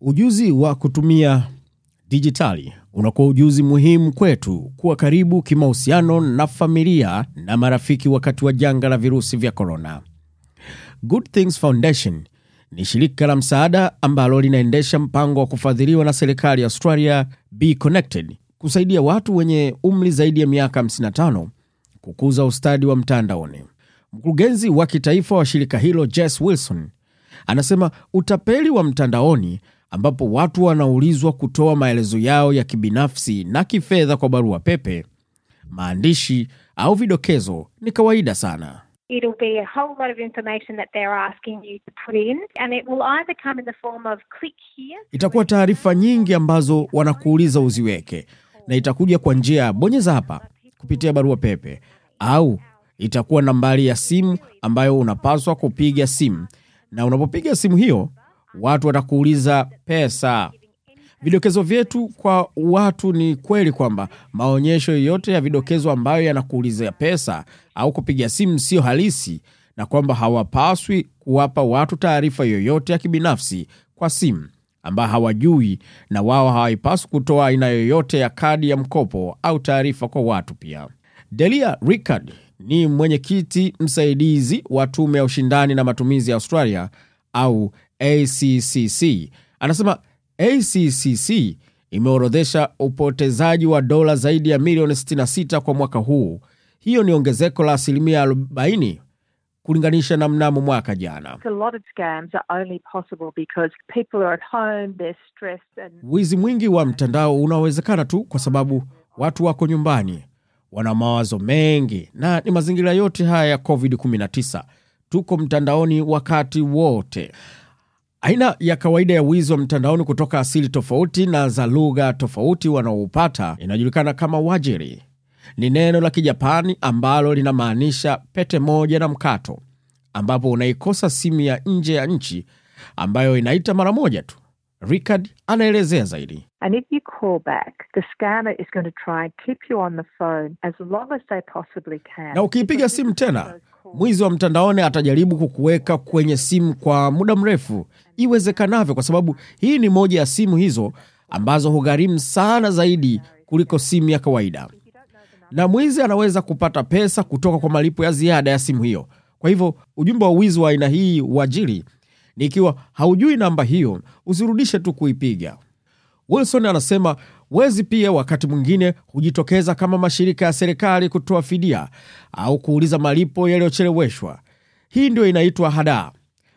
Ujuzi wa kutumia dijitali unakuwa ujuzi muhimu kwetu kuwa karibu kimahusiano na familia na marafiki wakati wa janga la virusi vya korona. Good Things Foundation ni shirika la msaada ambalo linaendesha mpango wa kufadhiliwa na serikali ya Australia Be Connected kusaidia watu wenye umri zaidi ya miaka 55 kukuza ustadi wa mtandaoni. Mkurugenzi wa kitaifa wa shirika hilo Jess Wilson anasema utapeli wa mtandaoni ambapo watu wanaulizwa kutoa maelezo yao ya kibinafsi na kifedha kwa barua pepe, maandishi au vidokezo ni kawaida sana. Itakuwa taarifa nyingi ambazo wanakuuliza uziweke, na itakuja kwa njia ya bonyeza hapa kupitia barua pepe, au itakuwa nambari ya simu ambayo unapaswa kupiga simu, na unapopiga simu hiyo watu watakuuliza pesa. Vidokezo vyetu kwa watu ni kweli kwamba maonyesho yoyote ya vidokezo ambayo yanakuulizia pesa au kupiga simu siyo halisi, na kwamba hawapaswi kuwapa watu taarifa yoyote ya kibinafsi kwa simu ambayo hawajui, na wao hawaipaswi kutoa aina yoyote ya kadi ya mkopo au taarifa kwa watu. Pia Delia Rickard ni mwenyekiti msaidizi wa tume ya ushindani na matumizi ya Australia au ACCC. Anasema ACCC imeorodhesha upotezaji wa dola zaidi ya milioni 66 kwa mwaka huu. Hiyo ni ongezeko la asilimia 40 kulinganisha na mnamo mwaka jana. Wizi mwingi wa mtandao unawezekana tu kwa sababu watu wako nyumbani, wana mawazo mengi, na ni mazingira yote haya ya COVID-19. Tuko mtandaoni wakati wote. Aina ya kawaida ya wizi wa mtandaoni kutoka asili tofauti na za lugha tofauti wanaoupata inajulikana kama wajiri. Ni neno la Kijapani ambalo linamaanisha pete moja na mkato, ambapo unaikosa simu ya nje ya nchi ambayo inaita mara moja tu. Richard anaelezea zaidi. Na ukiipiga simu tena, Mwizi wa mtandaoni atajaribu kukuweka kwenye simu kwa muda mrefu iwezekanavyo, kwa sababu hii ni moja ya simu hizo ambazo hugharimu sana zaidi kuliko simu ya kawaida, na mwizi anaweza kupata pesa kutoka kwa malipo ya ziada ya simu hiyo. Kwa hivyo ujumbe wa wizi wa aina hii uajili ni ikiwa haujui namba hiyo, usirudishe tu kuipiga. Wilson anasema wezi pia wakati mwingine hujitokeza kama mashirika ya serikali kutoa fidia au kuuliza malipo yaliyocheleweshwa. Hii ndio inaitwa hadaa,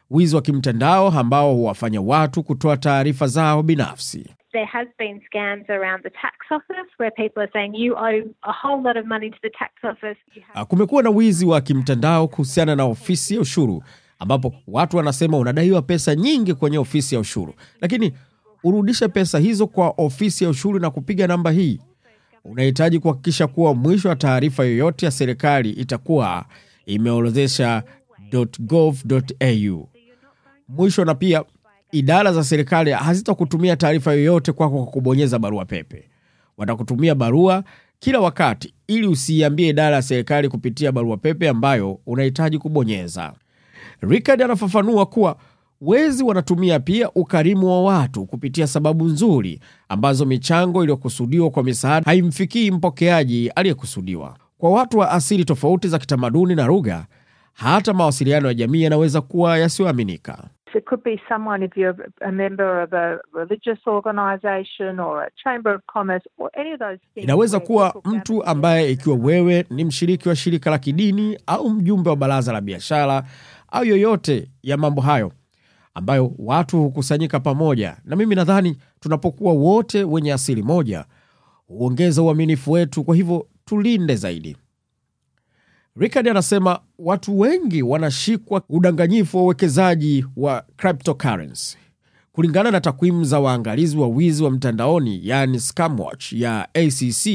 wizi wa kimtandao ambao huwafanya watu kutoa taarifa zao binafsi. There has been scams around the tax office where people are saying you owe a whole lot of money to the tax office. Have... Ah, kumekuwa na wizi wa kimtandao kuhusiana na ofisi ya ushuru ambapo watu wanasema unadaiwa pesa nyingi kwenye ofisi ya ushuru, lakini urudishe pesa hizo kwa ofisi ya ushuru na kupiga namba hii. Unahitaji kuhakikisha kuwa mwisho wa taarifa yoyote ya serikali itakuwa imeorodhesha .gov.au mwisho, na pia idara za serikali hazitakutumia taarifa yoyote kwako kwa kubonyeza barua pepe. Watakutumia barua kila wakati ili usiiambie idara ya serikali kupitia barua pepe ambayo unahitaji kubonyeza. Richard anafafanua kuwa Wezi wanatumia pia ukarimu wa watu kupitia sababu nzuri ambazo michango iliyokusudiwa kwa misaada haimfikii mpokeaji aliyekusudiwa. Kwa watu wa asili tofauti za kitamaduni na lugha, hata mawasiliano ya jamii yanaweza kuwa yasiyoaminika. Inaweza kuwa mtu ambaye, ikiwa wewe ni mshiriki wa shirika la kidini au mjumbe wa baraza la biashara au yoyote ya mambo hayo ambayo watu hukusanyika pamoja, na mimi nadhani tunapokuwa wote wenye asili moja huongeza uaminifu wetu, kwa hivyo tulinde zaidi. Richard anasema watu wengi wanashikwa udanganyifu wa uwekezaji wa cryptocurrency. Kulingana na takwimu za waangalizi wa wizi wa mtandaoni, yani Scamwatch ya ACC,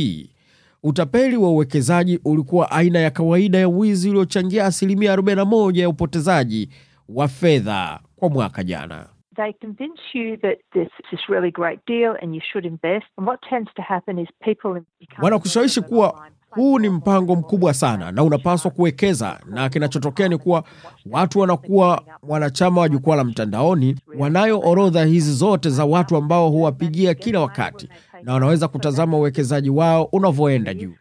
utapeli wa uwekezaji ulikuwa aina ya kawaida ya wizi uliochangia asilimia 41 ya upotezaji wa fedha kwa mwaka jana. They convince you that this is really great deal and you should invest. And what tends to happen is people become wanakushawishi kuwa huu ni mpango mkubwa sana na unapaswa kuwekeza, na kinachotokea ni kuwa watu wanakuwa wanachama wa jukwaa la mtandaoni. Wanayo orodha hizi zote za watu ambao huwapigia kila wakati, na wanaweza kutazama uwekezaji wao unavyoenda juu.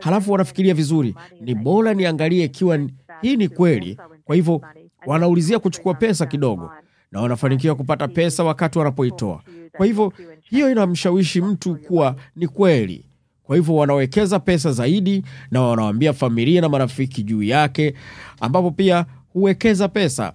Halafu wanafikiria vizuri, ni bora niangalie ikiwa hii ni kweli. Kwa hivyo wanaulizia kuchukua pesa kidogo na wanafanikiwa kupata pesa wakati wanapoitoa. Kwa hivyo hiyo inamshawishi mtu kuwa ni kweli. Kwa hivyo wanawekeza pesa zaidi na wanawaambia familia na marafiki juu yake, ambapo pia huwekeza pesa.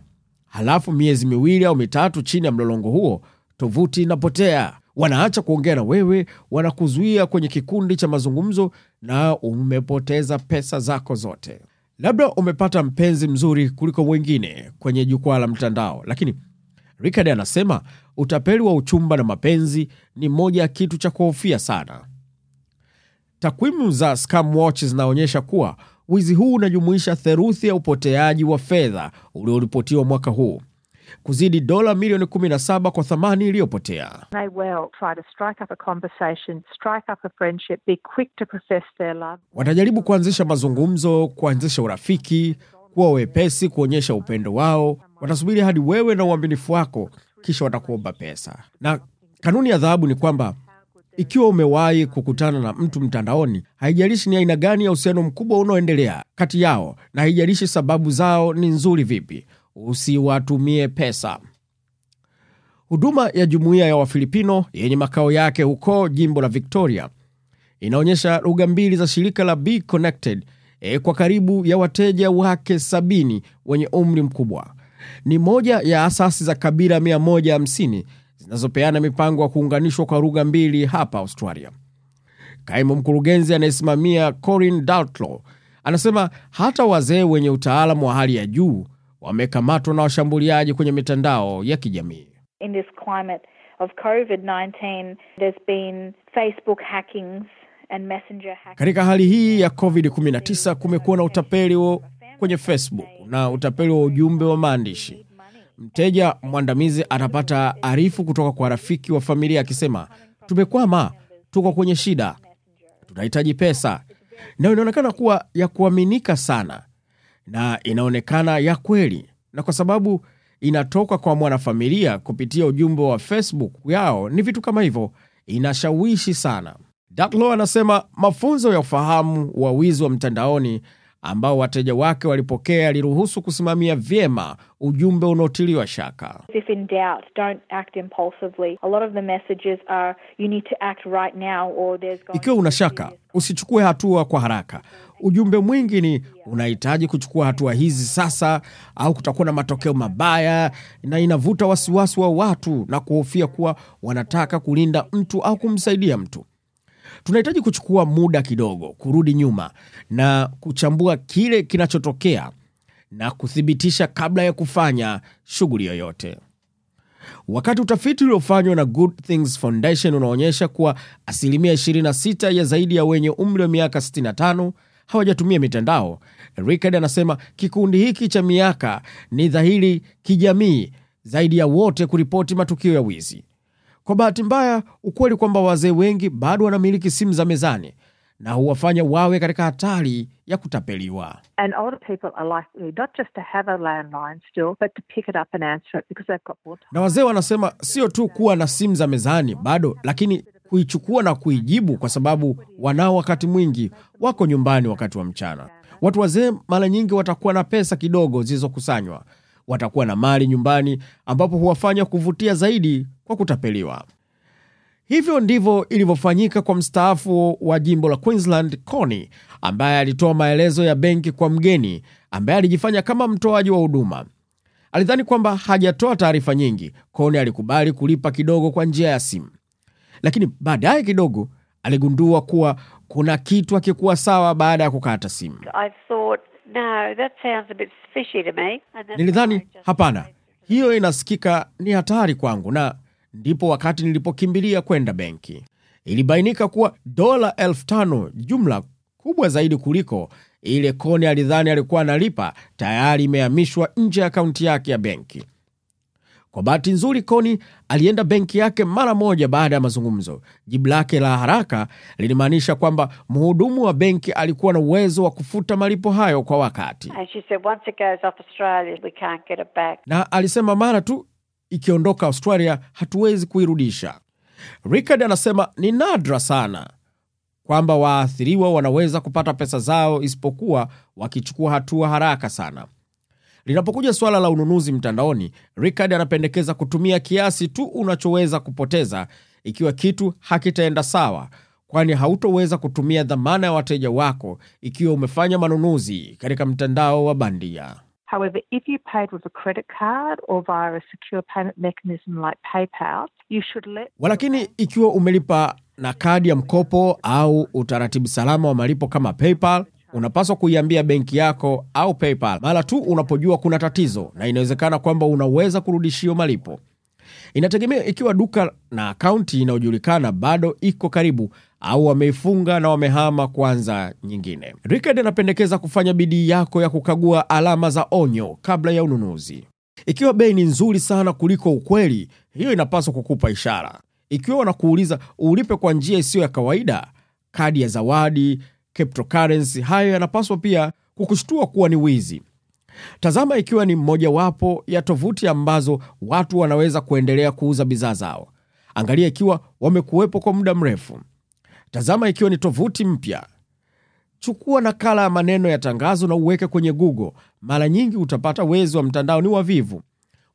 Halafu miezi miwili au mitatu chini ya mlolongo huo, tovuti inapotea, wanaacha kuongea na wewe, wanakuzuia kwenye kikundi cha mazungumzo, na umepoteza pesa zako zote. Labda umepata mpenzi mzuri kuliko mwingine kwenye jukwaa la mtandao, lakini Richard anasema utapeli wa uchumba na mapenzi ni moja ya kitu cha kuhofia sana. Takwimu za Scamwatch zinaonyesha kuwa wizi huu unajumuisha theruthi ya upoteaji wa fedha ulioripotiwa mwaka huu kuzidi dola milioni 17 kwa thamani iliyopotea. Watajaribu kuanzisha mazungumzo, kuanzisha urafiki, kuwa wepesi kuonyesha upendo wao. Watasubiri hadi wewe na uaminifu wako, kisha watakuomba pesa. Na kanuni ya dhahabu ni kwamba ikiwa umewahi kukutana na mtu mtandaoni, haijalishi ni aina gani ya uhusiano mkubwa unaoendelea kati yao, na haijalishi sababu zao ni nzuri vipi, usiwatumie pesa. Huduma ya jumuiya ya Wafilipino yenye makao yake huko jimbo la Victoria inaonyesha lugha mbili za shirika la Be Connected e, kwa karibu ya wateja wake sabini wenye umri mkubwa. Ni moja ya asasi za kabila 150 zinazopeana mipango ya kuunganishwa kwa lugha mbili hapa Australia. Kaimu mkurugenzi anayesimamia Corin daltlo anasema hata wazee wenye utaalamu wa hali ya juu wamekamatwa na washambuliaji kwenye mitandao ya kijamii. In this climate of COVID-19, there's been Facebook hackings and messenger hackings. Katika hali hii ya COVID-19 kumekuwa na utapeli kwenye Facebook na utapeli wa ujumbe wa maandishi. Mteja mwandamizi atapata arifu kutoka kwa rafiki wa familia akisema, tumekwama, tuko kwenye shida, tunahitaji pesa, nayo inaonekana kuwa ya kuaminika sana na inaonekana ya kweli, na kwa sababu inatoka kwa mwanafamilia kupitia ujumbe wa Facebook yao, ni vitu kama hivyo inashawishi sana. Datlow anasema mafunzo ya ufahamu wa wizi wa mtandaoni ambao wateja wake walipokea aliruhusu kusimamia vyema ujumbe unaotiliwa shaka. If in doubt, don't act impulsively. A lot of the messages are you need to act right now or there's going. Ikiwa una shaka, usichukue hatua kwa haraka. Ujumbe mwingi ni unahitaji kuchukua hatua hizi sasa, au kutakuwa na matokeo mabaya, na inavuta wasiwasi wa watu na kuhofia kuwa wanataka kulinda mtu au kumsaidia mtu tunahitaji kuchukua muda kidogo kurudi nyuma na kuchambua kile kinachotokea na kuthibitisha kabla ya kufanya shughuli yoyote. Wakati utafiti uliofanywa na Good Things Foundation unaonyesha kuwa asilimia 26 ya zaidi ya wenye umri wa miaka 65 hawajatumia mitandao, Richard anasema kikundi hiki cha miaka ni dhahiri kijamii zaidi ya wote kuripoti matukio ya wizi. Kwa bahati mbaya, ukweli kwamba wazee wengi bado wanamiliki simu za mezani na huwafanya wawe katika hatari ya kutapeliwa. Na wazee wanasema sio tu kuwa na simu za mezani bado, lakini kuichukua na kuijibu, kwa sababu wanao wakati mwingi, wako nyumbani wakati wa mchana. Watu wazee mara nyingi watakuwa na pesa kidogo zilizokusanywa watakuwa na mali nyumbani, ambapo huwafanya kuvutia zaidi kwa kutapeliwa. Hivyo ndivyo ilivyofanyika kwa mstaafu wa jimbo la Queensland Connie, ambaye alitoa maelezo ya benki kwa mgeni ambaye alijifanya kama mtoaji wa huduma. Alidhani kwamba hajatoa taarifa nyingi. Connie alikubali kulipa kidogo kwa njia ya simu, lakini baadaye kidogo aligundua kuwa kuna kitu hakikuwa sawa baada ya kukata simu. I thought No, that sounds a bit fishy to me. Nilidhani hapana, hiyo inasikika ni hatari kwangu, na ndipo wakati nilipokimbilia kwenda benki ilibainika kuwa dola elfu tano jumla kubwa zaidi kuliko ile koni alidhani alikuwa analipa, tayari imehamishwa nje ya akaunti yake ya benki. Kwa bahati nzuri, Koni alienda benki yake mara moja baada ya mazungumzo. Jibu lake la haraka lilimaanisha kwamba mhudumu wa benki alikuwa na uwezo wa kufuta malipo hayo kwa wakati said, na alisema mara tu ikiondoka Australia hatuwezi kuirudisha. Richard anasema ni nadra sana kwamba waathiriwa wanaweza kupata pesa zao isipokuwa wakichukua hatua haraka sana. Linapokuja suala la ununuzi mtandaoni, Richard anapendekeza kutumia kiasi tu unachoweza kupoteza ikiwa kitu hakitaenda sawa, kwani hautoweza kutumia dhamana ya wateja wako ikiwa umefanya manunuzi katika mtandao wa bandia. However, if you paid with a credit card or via a secure payment mechanism like PayPal, you should let... Walakini, ikiwa umelipa na kadi ya mkopo au utaratibu salama wa malipo kama PayPal unapaswa kuiambia benki yako au PayPal mara tu unapojua kuna tatizo, na inawezekana kwamba unaweza kurudishiwa malipo. Inategemea ikiwa duka na akaunti inayojulikana bado iko karibu au wameifunga na wamehama kwanza nyingine. Rickard anapendekeza kufanya bidii yako ya kukagua alama za onyo kabla ya ununuzi. Ikiwa bei ni nzuri sana kuliko ukweli, hiyo inapaswa kukupa ishara. Ikiwa wanakuuliza ulipe kwa njia isiyo ya kawaida, kadi ya zawadi cryptocurrency. Hayo yanapaswa pia kukushtua kuwa ni wizi. Tazama ikiwa ni mmojawapo ya tovuti ambazo watu wanaweza kuendelea kuuza bidhaa zao. Angalia ikiwa wamekuwepo kwa muda mrefu. Tazama ikiwa ni tovuti mpya. Chukua nakala ya maneno ya tangazo na uweke kwenye Google. Mara nyingi utapata wezi wa mtandao ni wavivu,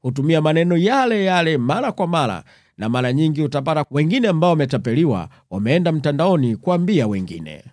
hutumia maneno yale yale mara kwa mara, na mara nyingi utapata wengine ambao wametapeliwa wameenda mtandaoni kuambia wengine.